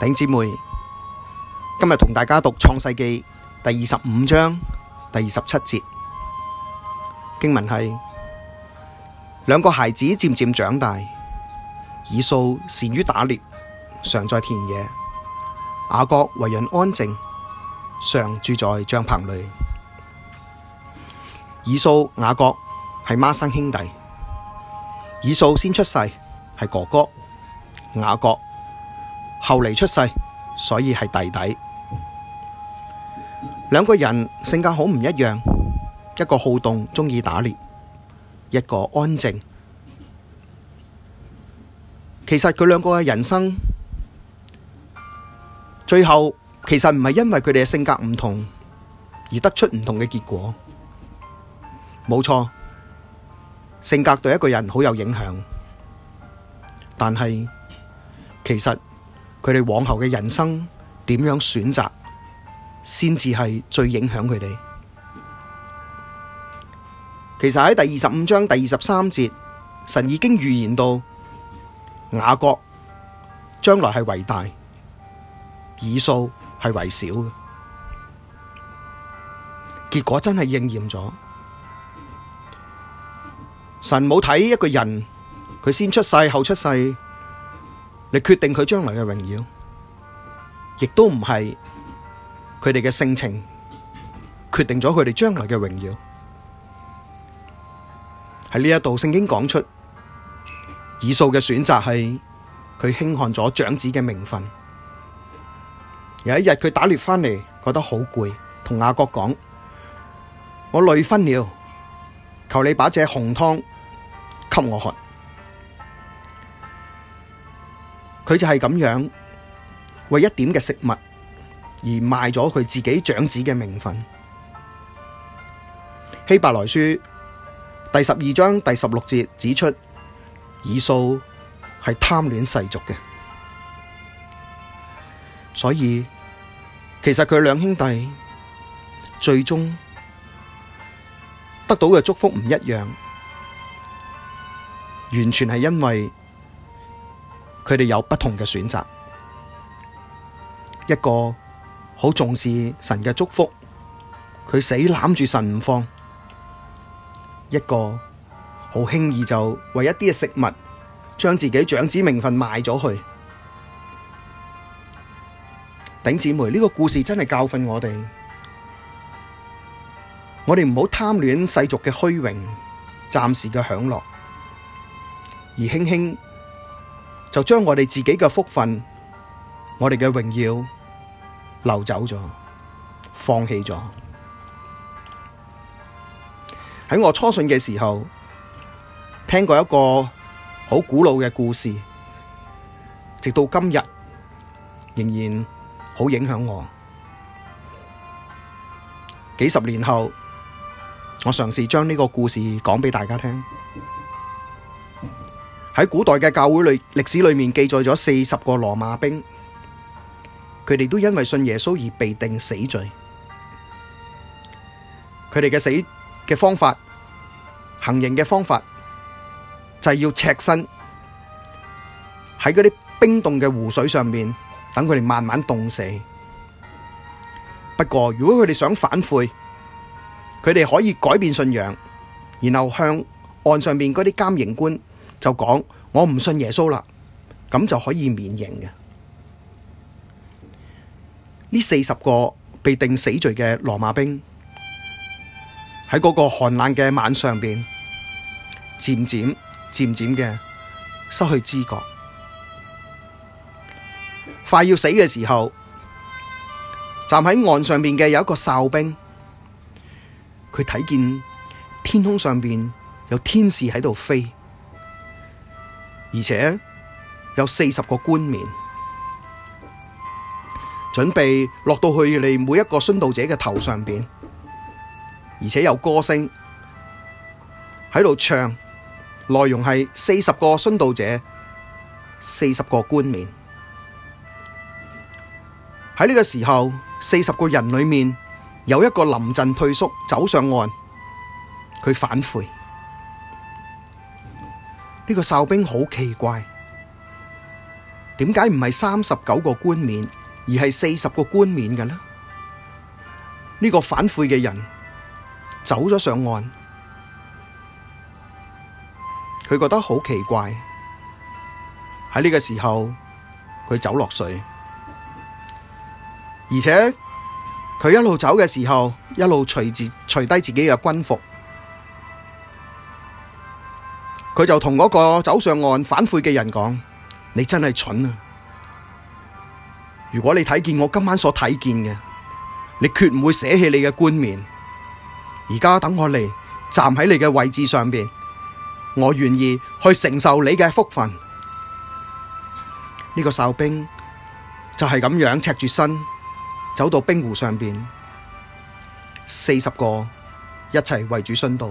弟兄姐妹，今日同大家讀創世記第二十五章第二十七節經文係：兩個孩子漸漸長大，以掃善於打獵，常在田野；雅各為人安靜，常住在帳棚裡。以掃、雅各係孖生兄弟，以掃先出世，係哥哥，雅各後嚟出世，所以係弟弟。兩個人性格好唔一樣，一個好動，鍾意打獵；一個安靜。其實佢兩個嘅人生最後其實唔係因為佢哋嘅性格唔同而得出唔同嘅結果，冇錯。性格對一個人好有影響，但係其實。佢哋往後嘅人生點樣選擇，先至係最影響佢哋。其實喺第二十五章第二十三節，神已經預言到雅各將來係為大，以掃係為小嘅。結果真係應驗咗。神冇睇，一個人，佢先出世後出世。你決定佢將來嘅榮耀，亦都唔係佢哋嘅性情決定咗佢哋將來嘅榮耀。喺呢一度聖經講出以掃嘅選擇係佢輕看咗長子嘅名分。有一日佢打獵返嚟，覺得好攰，同雅各講：我累昏了，求你把這紅湯給我喝。佢就係咁樣為一點嘅食物而賣咗佢自己長子嘅名分。希伯來書第十二章第十六節指出，以掃係貪戀世俗嘅，所以其實佢兩兄弟最終得到嘅祝福唔一樣，完全係因為。佢哋有不同嘅選擇，一個好重視神嘅祝福，佢死攬住神唔放；一個好輕易就為一啲嘅食物，將自己長子名分賣咗去。頂姊妹，呢、這個故事真係教訓我哋，我哋唔好貪戀世俗嘅虛榮、暫時嘅享樂，而輕輕。就將我哋自己嘅福分，我哋嘅榮耀流走咗，放棄咗。喺我初信嘅時候，聽過一個好古老嘅故事，直到今日仍然好影響我。幾十年後，我嘗試將呢個故事講俾大家聽。喺古代嘅教會裏，歷史裡面記載咗四十個羅馬兵，佢哋都因為信耶穌而被定死罪。佢哋嘅死嘅方法，行刑嘅方法就係要赤身喺嗰啲冰凍嘅湖水上面，等佢哋慢慢凍死。不過，如果佢哋想反悔，佢哋可以改變信仰，然後向岸上面嗰啲監刑官。就講我唔信耶穌啦，咁就可以免刑嘅。呢四十個被定死罪嘅羅馬兵，喺嗰個寒冷嘅晚上邊，漸漸漸漸嘅失去知覺，快要死嘅時候，站喺岸上邊嘅有一個哨兵，佢睇見天空上邊有天使喺度飛。而且有四十個冠冕，準備落到去你每一個殉道者嘅頭上邊，而且有歌聲喺度唱，內容係四十個殉道者，四十個冠冕。喺呢個時候，四十個人裏面有一個臨陣退縮，走上岸，佢反悔。呢個哨兵好奇怪，點解唔係三十九個冠冕，而係四十個冠冕嘅呢？呢、這個反悔嘅人走咗上岸，佢覺得好奇怪。喺呢個時候，佢走落水，而且佢一路走嘅時候，一路除住除低自己嘅軍服。佢就同嗰個走上岸反悔嘅人講：你真係蠢啊！如果你睇見我今晚所睇見嘅，你決唔會捨棄你嘅冠冕。而家等我嚟站喺你嘅位置上邊，我願意去承受你嘅福分。呢個哨兵就係咁樣赤住身走到冰湖上邊，四十個一齊圍住殉道。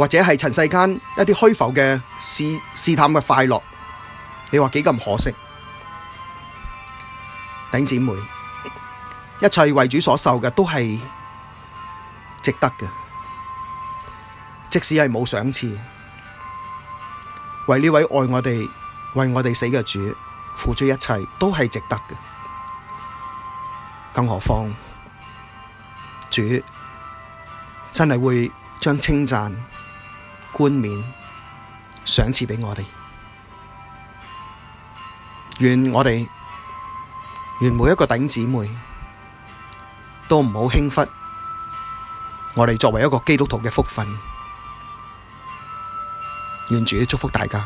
或者係塵世間一啲虛浮嘅試探嘅快樂，你話幾咁可惜？弟兄姊妹，一切為主所受嘅都係值得嘅，即使係冇賞賜，為呢位愛我哋、為我哋死嘅主付出一切都係值得嘅。更何況主真係會將稱讚。冠冕賞賜畀我哋，願我哋願每一個弟兄姊妹都唔好輕忽我哋作為一個基督徒嘅福分，願主祝福大家。